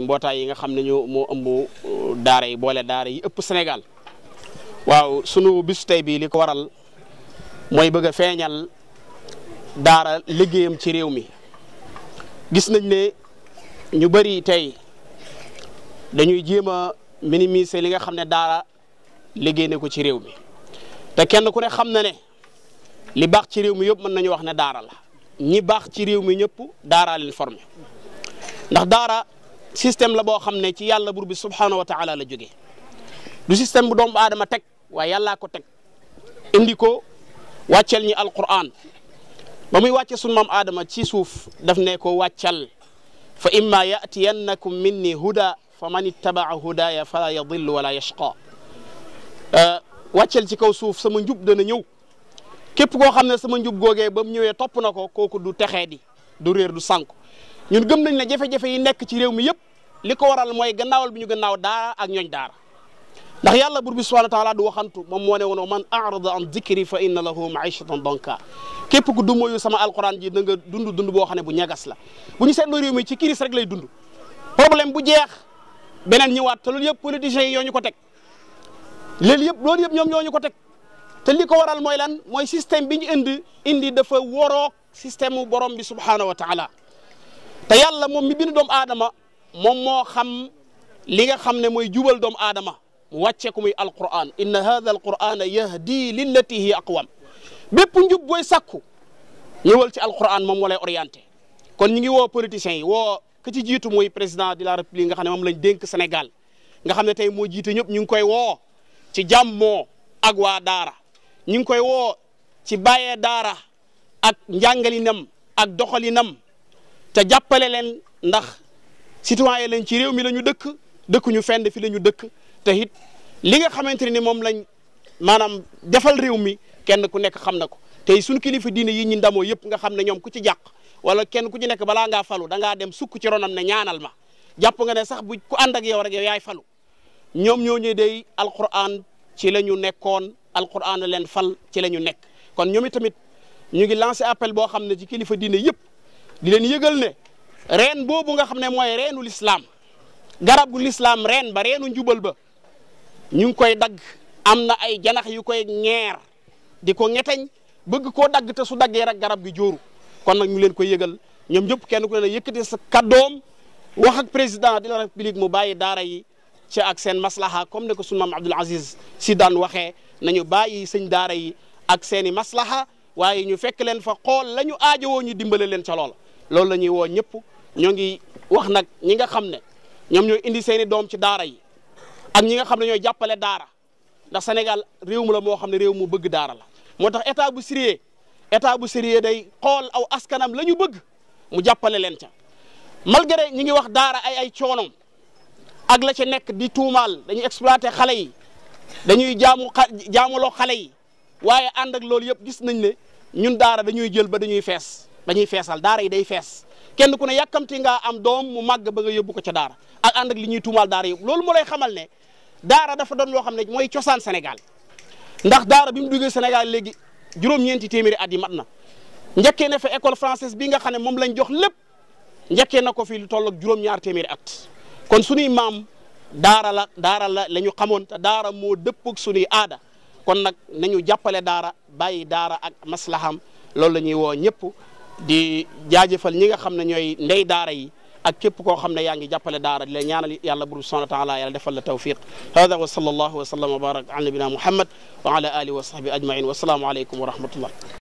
mbootaay yi nga xam ne ñu moo ëmb uh, daara yi boole daara yi ëpp Sénégal waaw sunu bis tey bii li ko waral mooy bëgg a feeñal daara liggéeyam ci réew mi gis nañ ne ñu bari tey dañuy jéem a minimiser li nga xam ne daara liggéey na ko ci réew mi te kenn ku ne xam na ne li baax ci réew mi yëpp mën nañu wax ne daara la ñi baax ci réew mi ñëpp daara leen ndax daara système la boo xam ne ci yàlla bur bi subhaanahu wa taala la joge du système bu doomu aadama teg waaye yàllaa ko teg indi ko wàccel ñi alquran ba muy wàcce sunu maam aadama ci suuf daf ne ko wàccal fa imma yatiyannakum minni huda fa man ittabaa hudaya fala yadillu wala yashqa euh, wàccel si kaw suuf sama njub dana ñëw képp koo xam ne sa ma njub googee ba mu ñëwee topp na ko kooku du texee di du réer du sànku ñun gëm nañ ne jafe-jafe yi nekk ci réew mi yëpp li ko waral mooy gannaawal bi ñu gannaaw daara ak ñooñ daara ndax yàlla buur bi subhanahu wa taala du waxantu moom moo ne woon man arada an zikri fa inna lahu maishatan donka képp ku du mooyu sama alquran ji da nga dund dund boo xam ne bu ñagas la bu ñu seetloo réew mi ci kiris rek lay dund problème bu jeex beneen ñëwaat te loolu yëpp politiciens yi ñoo ñu ko teg loolu yëpp loolu yëpp ñoom ñoo ñu ko teg te li ko waral mooy lan mooy système bi ñu indi indi dafa woroog système borom bi subhanahu wa taala te yàlla moom mi bind doomu aadama moom moo xam li nga xam ne mooy jubal doomu aadama mu wàcce ko muy alquran inna hadha alquran yahdi lillati hi aqwam bépp njub booy sàkku ñëwal ci alquran moom moo lay orienté kon ñu ngi woo politiciens yi woo ka ci jiitu mooy président de la république nga xam ne moom lañ dénk senegal nga xam ne tey moo jiite ñëpp ñu ngi koy woo ci jàmmoo ak waa daara ñu ngi koy woo ci baye daara ak njàngalinam ak doxalinam te jàppale leen ndax citoyen leen ci réew mi la ñu dëkk dëkkuñu fenn fi la ñu dëkk te it li nga xamante ni moom lañ maanaam defal réew mi kenn ku nekk xam na ko tey suñu kilifa diine yi ñu ndamoo yëpp nga xam ne ñoom ku ci jàq wala kenn ku ci nekk balaa ngaa falu da dem sukk ci ronam ne ñaanal ma jàpp nga ne sax bu ku ànd ak yow rek yow yaay falu ñoom ñoo ñëwee day alquran ci la ñu nekkoon alquran leen fal ci la ñu nekk kon ñoom itamit ñu ngi lancé appel boo xam ne ci kilifa diine yëpp. di leen yëgal ne reen boobu nga xam ne mooy reenu lislaam garab gu lislaam reen ba reenu njubal ba ñu ngi koy dagg am na ay janax yu koy ñeer di ko ñeteñ bëgg koo dagg te su daggee rek garab gi jóoru kon nag ñu leen koy yëgal ñoom ñëpp kenn ku ne la yëkkati sa kaddoom wax ak président de la république mu bàyyi daara yi ci ak seen maslaha comme ne ko sunu maam Abdul Aziz si daan waxee nañu bàyyi sëñ daara yi ak seeni maslaha waaye ñu fekk leen fa xool la ñu aajowoo ñu dimbale leen ca loola loolu la ñuy woo ñëpp ñoo ngi wax nag ñi nga xam ne ñoom ñooy indi seen doom ci daara yi ak ñi nga xam ne ñooy jàppale daara ndax Sénégal réew mu la moo xam ne réew mu bëgg daara la moo tax état bu sérieux état bu sérieux day xool aw askanam la ñu bëgg mu jàppale leen ca malgré ñi ngi wax daara ay ay coonoom ak la ca nekk di tuumaal dañuy exploité xale yi dañuy jaamu jaamuloo xale yi waaye ànd ak loolu yëpp gis nañ ne ñun daara dañuy jël ba dañuy fees dañuy feesal daara yi day fees kenn ku ne yàkkamti ngaa am doom mu màgg ba nga yóbbu ko ca daara ak ànd ak li ñuy tuumaal daara yëpp loolu moo lay xamal ne daara dafa doon loo xam ne mooy cosaan Sénégal ndax daara bi mu duggee Sénégal léegi juróom-ñeenti téeméeri at yi mat na njëkkee na fa école française bi nga xam ne moom lañ jox lépp njëkkee na ko fii lu toll ak juróom-ñaar téeméeri at kon suñuy maam daara la daara la la ñu xamoon te daara moo dëpp ak suñuy aada kon nag nañu jàppale daara bàyyi daara ak maslaham loolu la ñuy woo ñëpp di jaajëfal ñi nga xam ne ñooy ndey daara yi ak képp koo xam ne yaa ngi jàppale daara di la ñaanal yàlla bur subhanahu wa taala yàlla defal la tawfiq hada wa sallallahu wa sallam wa barak ala nabina muhammad wa ali alihi wa sahbi ajmain wasalaamu aleykum wa rahmatullah